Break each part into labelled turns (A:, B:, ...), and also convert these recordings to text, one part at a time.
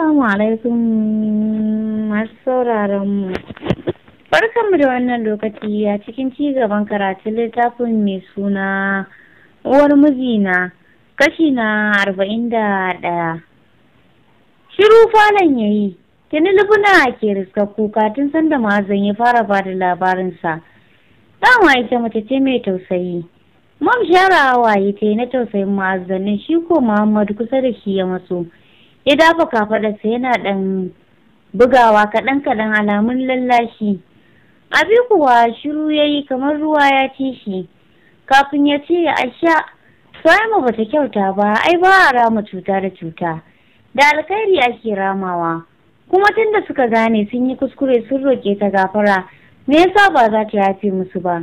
A: Assalamu alaikum masu sauraron mu. mu da wannan lokaci a cikin ci gaban karatun littafin mai suna uwar mijina kashi na arba'in da ɗaya. Shiru falon ya yi, tuni lubuna ke riska kuka tun sanda mazan ya fara ba da labarinsa. Dama ita mace ce mai tausayi. Mam shara waye ta yi na tausayin mazanin shi ko Muhammadu kusa da shi ya maso. ya dafa kafaɗarsa yana ɗan bugawa kaɗan kaɗan alamun lallashi abi kuwa shiru ya yi kamar ruwa ya ci shi kafin ya ce ya sha ba ta kyauta ba ai ba a rama cuta da cuta da alkhairi ake ramawa kuma tunda suka gane sun yi kuskure sun roƙe ta gafara me yasa ba za ta yafe musu ba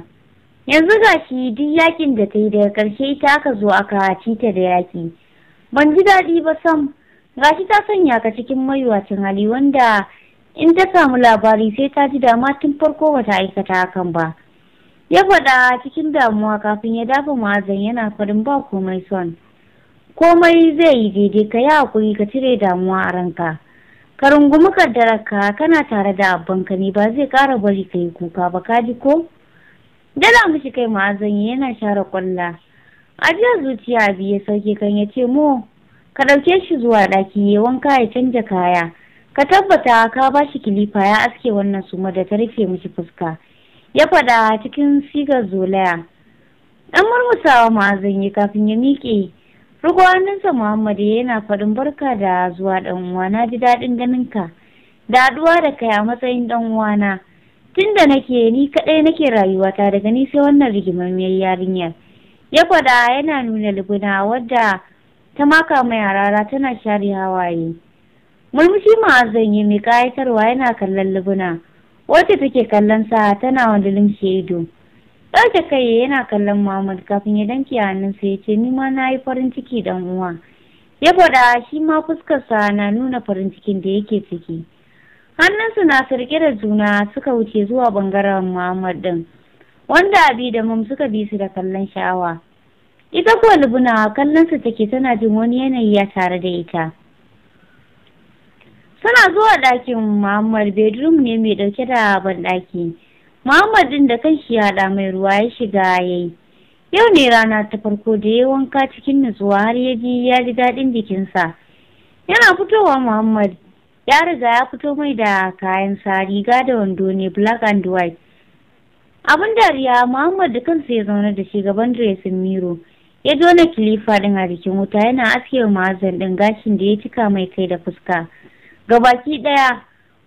A: yanzu ga shi duk yakin da ta yi daga ƙarshe ita aka zo aka ci ta da yaki ban ji daɗi ba sam gashi ta sanya ka cikin mayuwacin hali wanda in ta samu labari sai ta ji dama tun farko bata aikata hakan ba ya faɗa cikin damuwa kafin ya dafa ma'azan yana farin ba komai son komai zai yi daidai ka yi hakuri ka cire damuwa a ranka ka rungumi kaddararka kana tare da abbanka ne ba zai ƙara bari ka yi kuka ba ka ji ko dala mishi kai ma'azan yana share kwalla a jiya zuciya biyu ya sauke kan ya ce mo ka ɗauke shi zuwa ɗaki ya wanka ya canja kaya ka tabbata ka ba shi kilifa ya aske wannan suma da ta rufe miki fuska ya faɗa cikin sigar zolaya ɗan murmusawa ma'azin yi kafin ya miƙe Rugo hannunsa Muhammad yana faɗin barka da zuwa ɗan uwa, 'Na ji daɗin ganin ka. Da haɗuwa da kai a matsayin ɗan uwana. Tunda da nake ni kaɗai nake rayuwata daga ni sai wannan rigimamiyar yarinyar. Ya faɗa yana nuna libina wadda ta maka mai harara tana share hawaye murmushi ma'azanyi yi mai kayatarwa yana kallon libuna wacce take kallon sa tana wanda shaidu ido ɗauke kai yana kallon Muhammad kafin ya danke hannunsa ya ce ni ma na yi farin ciki dan uwa ya faɗa shi ma fuskarsa na nuna farin cikin da yake ciki hannunsu na sarƙe da juna suka wuce zuwa ɓangaren Muhammad ɗin wanda abi da mam suka bi su da kallon sha'awa ita kuwa lubunawa kallonsa take tana jin wani yanayi ya tare da ita suna zuwa ɗakin muhammad bedroom ne mai ɗauke da banɗaki muhammad ɗin da kan ya haɗa mai ruwa ya shiga yayi. yau ne rana ta farko da ya wanka cikin nutsuwa har ya ji ya ji daɗin jikinsa yana fitowa muhammad ya riga ya fito mai da kayan sa riga da wando ne black and white abin dariya muhammad da kansa ya zauna da shi gaban dressing miro ya dona kilifa din a jikin wuta yana aske wa ma'azan din gashin da ya cika mai kai da fuska baki daya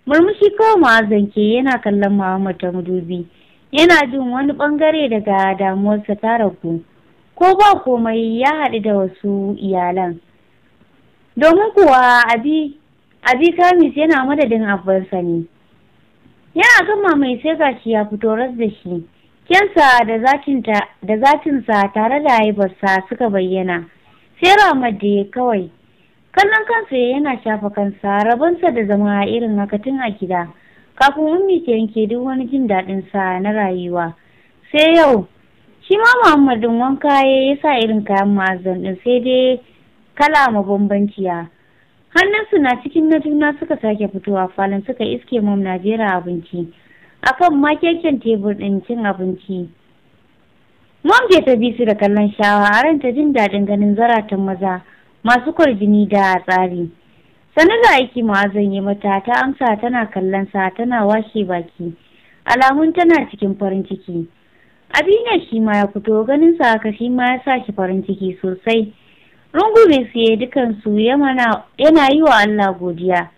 A: murmushi kawai ma'azan ke yana kallon muhammad ta mudubi. yana jin wani bangare daga damuwarsa ta ragu ko ba komai ya haɗu da wasu iyalan domin kuwa abi kamis yana madadin abbansa ne yana kama mai sai gashi ya fito ras da shi kyansa da zatinsa tare da haibarsa suka bayyana, sai Ramadu kawai. Kallon kansa yana shafa kansa rabonsa da zama irin haka a gida, kafin ummi ta yanke duk wani jin daɗinsa na rayuwa. Sai yau, shi ma Muhammadin wanka ya sa irin kayan ma'azan din, sai dai kala mabambanciya. Hannunsu na cikin na juna suka sake fitowa falon suka iske mam na jera abinci. A akan makekin tebur ɗin cin abinci. Mom je ta bi su da kallon shawa a ranta jin daɗin ganin zaratan maza masu kwarjini da tsari. Sani da aiki ma yi mata ta amsa tana kallon sa tana washe baki. Alamun tana cikin farin ciki. Abina shi ma ya fito ganin sa haka shi ma ya sa shi farin ciki sosai. Rungume su siye dukansu yana yi wa Allah godiya.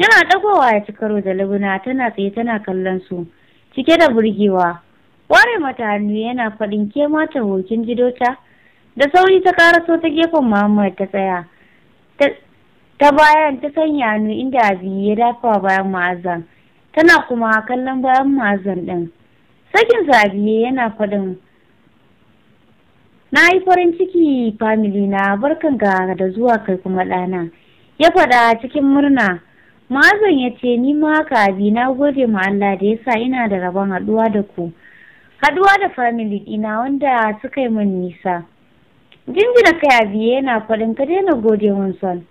A: yana ɗagowa ya ci karo da labuna tana tsaye tana kallon su cike da burgewa ware mata hannu yana faɗin ke mata hokin jidota da sauri ta karaso ta gefen muhammad ta tsaya ta bayan ta sanya hannu inda abi ya dafa bayan ma'azan tana kuma kallon bayan ma'azan ɗin sakin zabiye yana faɗin na yi farin ciki famili na barkan ga da zuwa kai kuma ɗana ya faɗa cikin murna Mazan ya ce ni ma kabi abi na gode ma Allah da yasa ina da rabon haɗuwa da ku. Haɗuwa da family ɗina wanda suka yi min nisa. Jinjina kai a abi yana faɗin ka daina gode son.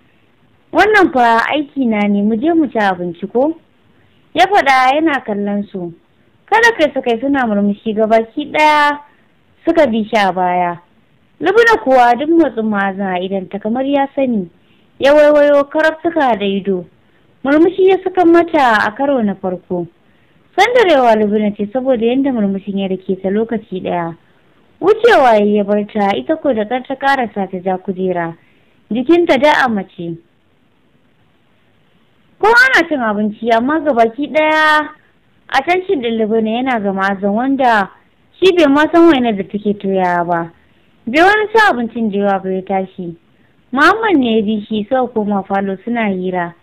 A: Wannan fa aiki na ne mu je mu ci abinci ko? Ya faɗa yana kallon su. Kada kai su kai suna murmushi baki ɗaya suka bi shi a baya. Lubuna kuwa duk matsin maza idan ta kamar ya sani. Ya waiwayo suka da ido. murmushi ya saka mata a karo na farko sandarewa lubuna ce saboda yadda murmushin ya rike ta lokaci daya wucewa ya yi barta ita ko da ta karasa ta ja kujera jikinta da a mace ko ana cin abinci amma baki daya a tancin ɗin lubuna yana ga mazan wanda shi bai ma san da take toyawa ba bai wani sa abincin da yawa bai tashi Mamman ne ya bi shi sau koma falo suna hira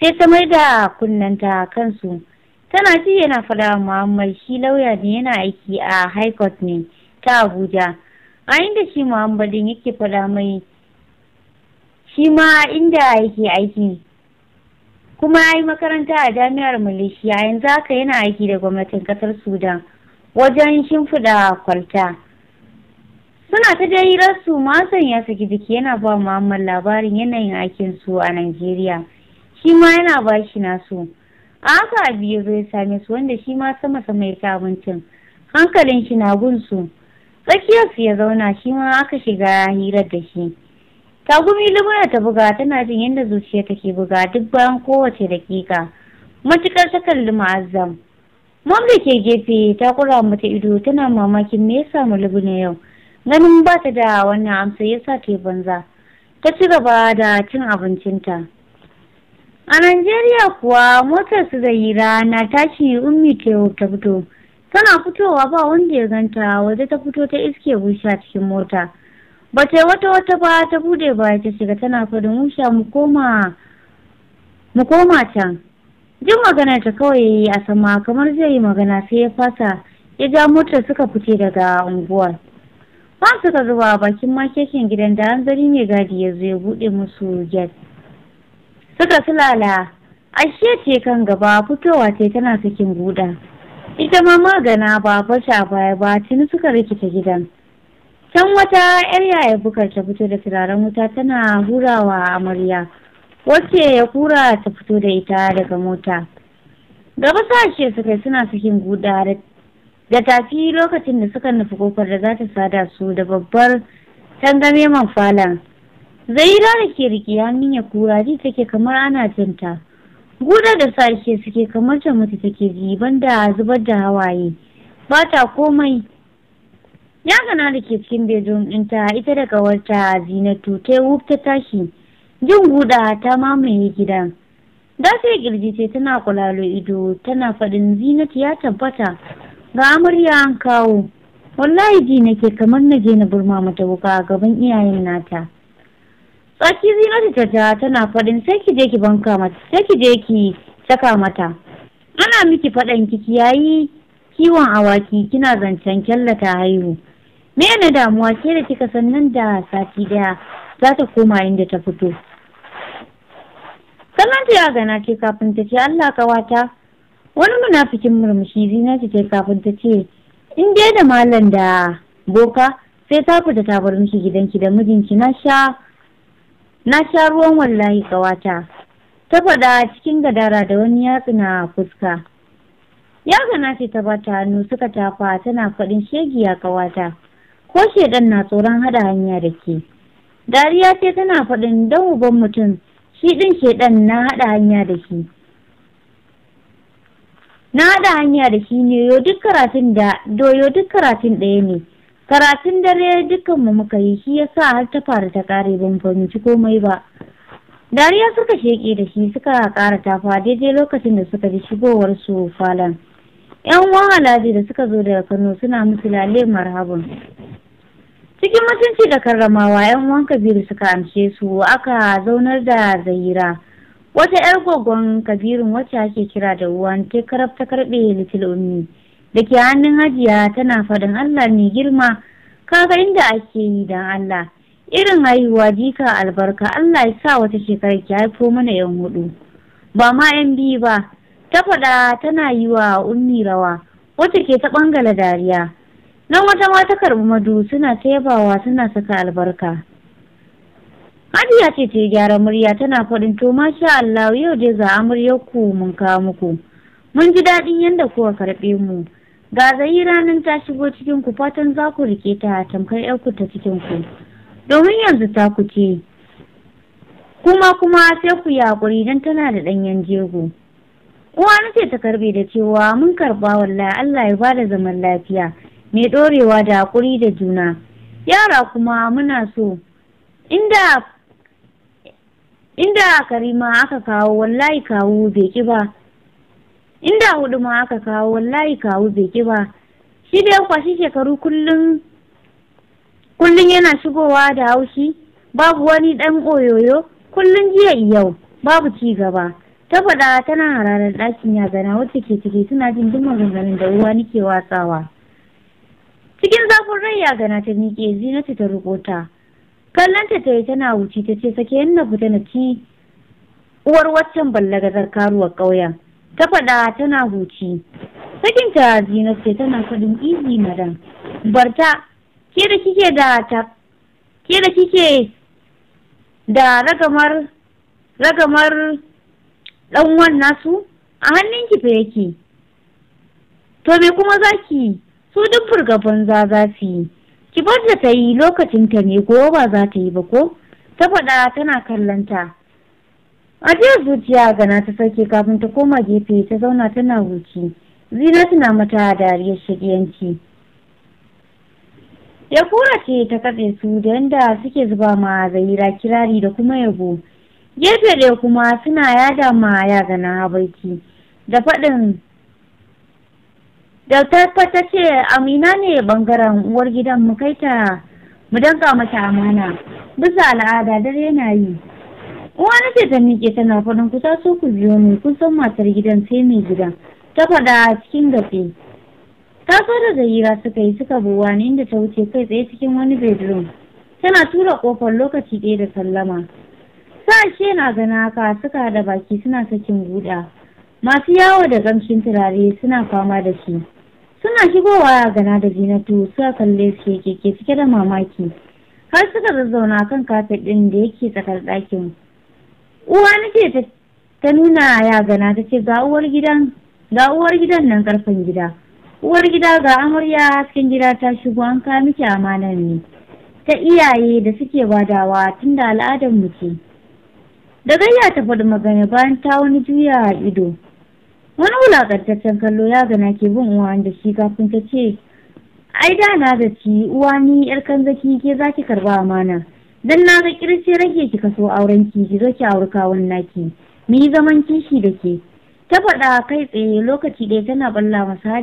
A: sai ta mai da kunnanta kansu tana ji yana faɗa muhammad shi lauya ne yana aiki a high court ne ta abuja a inda shi muhammadin yake faɗa mai shi ma inda yake aiki kuma ya yi makaranta a jami'ar malaysia yanzu haka yana aiki da gwamnatin kasar sudan wajen shimfida kwalta suna ta jarirarsu mason ya saki jiki yana ba muhammad labarin yanayin aikinsu a najeriya shi ma yana bashi nasu a haka biyu zai same su wanda shi ma sama sama ya abincin hankalin shi na gunsu tsakiyarsu ya zauna shi ma aka shiga hirar da shi tagumi lumuna ta buga tana jin yadda zuciya take buga duk bayan kowace dakika matukar ta kalli ma'azzam mom ke gefe ta kura mata ido tana mamakin me ya samu lubuna yau ganin ba ta da wannan amsa ya sa ta banza ta ci gaba da cin abincinta A Najeriya kuwa motar su da hira na tashi ummi ke ta fito. Tana fitowa ba wanda ya ganta waje ta fito ta iske busha cikin mota. Ba ta wata wata ba ta bude ba ta shiga tana farin musha mu koma mu can. Jin magana ta kawai yi a sama kamar zai yi magana sai ya fasa ya ja motar suka fice daga unguwar. Ba suka zuba bakin makekin gidan da hanzari mai gadi ya zo ya buɗe musu gate. suka sulala ashe ce kan gaba fitowa ce tana sakin guda ita ma magana ba a baya ba tuni suka rikita gidan can wata yar yaya bukar ta fito da turaren wuta tana hurawa amarya wacce ya kura ta fito da ita daga mota gaba sashe suka suna sakin guda da tafi lokacin da suka nufi kofar da za ta sada su da babbar tangame man falon Zaira da ke rike hannun ya kura ji take kamar ana tinta. guda da sashe suke kamar ta mutu take ji banda zubar da hawaye. Ba ta komai. Ya gana da ke cikin bejon ɗinta ita da kawarta zinatu ta wuf ta tashi. Jin guda ta mamaye gidan. Da sai girji ce tana kulalo ido tana faɗin zinatu ya tabbata. Ga amarya an kawo. Wallahi ji nake kamar na je na burma mata wuka gaban iyayen nata. tsaki zina ta ja tana faɗin sai ki je ki banka mata sai ki je ki saka mata ana miki faɗan ki yayi kiwon awaki kina zancen ta haihu me na damuwa ke da kika san nan da sati daya za ta koma inda ta fito sannan ta ga gana ce kafin ta ce Allah kawata wani munafikin murmushi ta ce kafin ta ce in dai da malam da boka sai ta fita ta bar miki gidanki da mijinki na sha na sha ruwan wallahi ƙawata ta faɗa cikin gadara da wani yatsu na fuska ya na ce ta bata hannu suka tafa tana faɗin shegiya ƙawata ko shedan na tsoron haɗa hanya da ke dariya ce tana faɗin don uban mutum shi ɗin shedan na haɗa hanya da shi na haɗa hanya da shi ne yau karatun duk karatun ɗaya ne karatun dare dukkanmu muka yi shi yasa har ta fara ta kare ban fahimci komai ba dariya suka sheke da shi suka kara tafa daidai lokacin da suka ji shigowar su falon yan uwan alhaji da suka zo daga kano suna musu lale marhaban cikin mutunci da karramawa yan uwan kabiru suka amshe su aka zaunar da zahira wata yar gogon kabirin wacce ake kira da uwan ta karab ta karbe little ummi da ke hannun hajiya tana faɗin Allah ne girma kaga inda ake yi don Allah irin haihuwa jika albarka Allah ya sa wata shekara ki haifo mana yan hudu ba ma yan biyu ba ta faɗa tana yi wa ummi rawa wacce ke ta ɓangare dariya nan wata ma ta karɓi madu suna yabawa suna saka albarka Hajiya ce yi gyara murya tana faɗin to sha Allah yau dai za amaryar ku mun kawo muku mun ji daɗin yadda kuka karɓe mu ga yi ranar ta shigo cikin ku fatan za ku rike ta tamkar yarku ta cikin ku domin yanzu ta ku ce kuma kuma sai ku yaƙuri don tana da ɗanyen jego uwa na ce ta karbe da cewa mun karɓa wallahi Allah ya bada zaman lafiya mai ɗorewa da haƙuri da juna yara kuma muna so inda inda karima aka kawo wallahi kawo bai ƙi ba inda hudu ma aka kawo wallahi kawo bai ki ba shi da ya kwashi shekaru kullum yana shigowa da haushi babu wani dan oyoyo kullum jiya yau babu ci gaba ta faɗa tana hararar ɗakin gana, wacce ke ciki suna jin duk maganganun da ruwa nike watsawa cikin zafin rai gana ta miƙe zinata ta rubuta kallonta ta yi tana wuce ta ce sake na fita na ci uwar waccan ballagazar karuwar ƙauyen ta faɗa tana huci sakinta zinat ce tana faɗin izi madam barta ke da kike da ta ke da kike da ragamar ragamar ɗan wannan su a hannunki fa yake to me kuma zaki su duk furgaban za za su yi ki bar da ta yi lokacin ne ko ba za ta yi ba ko ta faɗa tana kallon A jiya zuciya gana ta sauke kafin ta koma gefe ta zauna tana wuce zina tana mata dariyar shigiyanci ya kura ce ta katse su da yadda suke zuba ma zaira kirari da kuma yabo gefe ɗaya kuma suna yada ma ya gana habaiki da faɗin da ta ce amina ne bangaren uwar gidan mu kai ta mu danka mata amana bisa al'ada dare yana yi wani ce ta miƙe tana faɗin kusa so ku biyo ni kun san matar gidan sai mai gidan ta faɗa cikin gafe ta so da hira suka yi suka bi wani inda ta wuce kai tsaye cikin wani bedroom tana tura kofar lokaci ɗaya da sallama sashe na gana haka suka haɗa baki suna sakin buɗa masu yawo da gamshin turare suna fama da shi suna shigowa a gana da zinatu suka kalle su keke cike da mamaki har suka zazzauna kan kafet ɗin da yake tsakar ɗakin uwa nake ta nuna ya gana ta ce ga uwar gidan ga uwar gidan nan karfin gida uwar gida ga amarya hasken gida ta shigo an ka miki amanar ne ta iyaye da suke badawa tun da al'adar mu ce da gayya ta faɗi magana bayan ta wani juya a ido wani wulaƙantaccen kallo ya gana ke bin uwa da shi kafin ta ce ai da na da ci uwa ni yar kanzaki ke zaki karba amana dan na ga kirce rage ki kaso auren ki ki zo ki auri kawun naki mu yi zaman kishi da ke ta faɗa kai tsaye lokaci ɗaya tana balla masa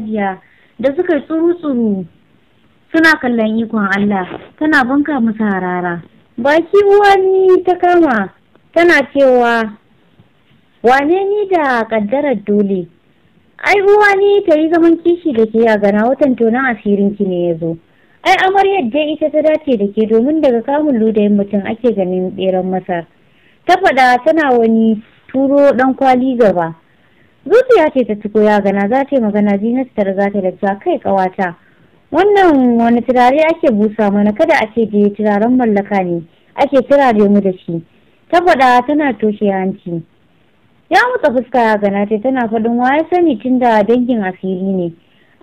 A: da suka tsuru tsuru suna kallon ikon Allah tana banka musu harara baki uwani ta kama tana cewa wane ni da kaddarar dole ai uwani ta yi zaman kishi da ke a gana watan tonan asirin ki ne ya zo ai amaryar dai ita ta dace da ke domin daga kamun ludayin mutum ake ganin beran masar ta faɗa tana wani turo ɗan kwali gaba zuciya ce ta tuko ya gana za ta yi magana zinatu ta riga ta da kai ƙawata wannan wani turare ake busa mana kada a ce da turaren mallaka ne ake turare mu da shi ta faɗa tana toshe hanci ya mutsa fuska ya gana ce tana faɗin waya sani tunda dangin asiri ne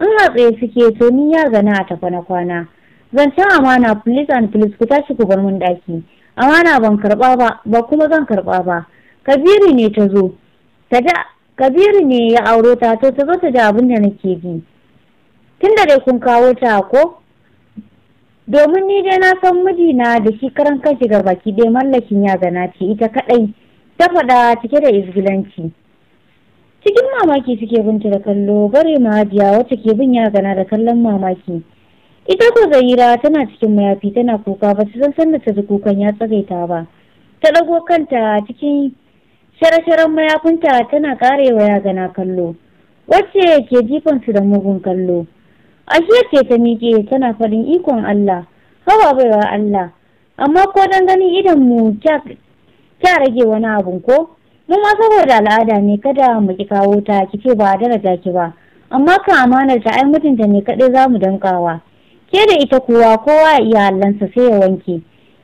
A: in a suke to ni ya a tafa na kwana zancen amana police and police ku tashi ku bar mun daki amana ban karba ba ba kuma zan karba ba kabiru ne ta zo kabiru ne ya auro ta to ta zo ta da abin da nake bi tun da dai kun kawo ta ko domin ni dai na san mijina da shi karan kashi ga baki dai mallakin ya gana ce ita kadai ta faɗa cike da izgilanci cikin mamaki suke binta da kallo bare mahajiya wacce ke bin ya gana da kallon mamaki ita ko zahira tana cikin mayafi tana kuka ba su san sanda ta ji kukan ya tsagaita ba ta ɗago kanta cikin shara-sharan mayafinta tana karewa gana kallo wacce ke jifan su da mugun kallo ashe ce ta miƙe tana farin ikon Allah hawa baiwa Allah amma ko dan ganin idan mu kya rage wani abun ko mu ma saboda al'ada ne kada mu ki kawo ta ki ce ba a daraja ki ba amma kan amanar ta ai mutunta ne kadai za mu dankawa ke da ita kowa, kowa a iyalansa sai ya wanke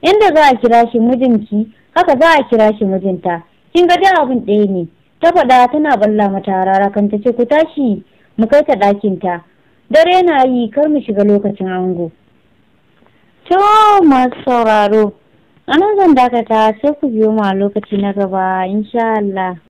A: inda za a kira shi mijinki haka za a kira shi mijinta kin ga da abin ɗaya ne ta faɗa tana balla mata rara kan ta ce ku tashi mu kai ta ɗakinta dare na yi kar mu shiga lokacin ango. To masu sauraro Ana zan dakata sai ku biyo mu a lokaci na gaba insha Allah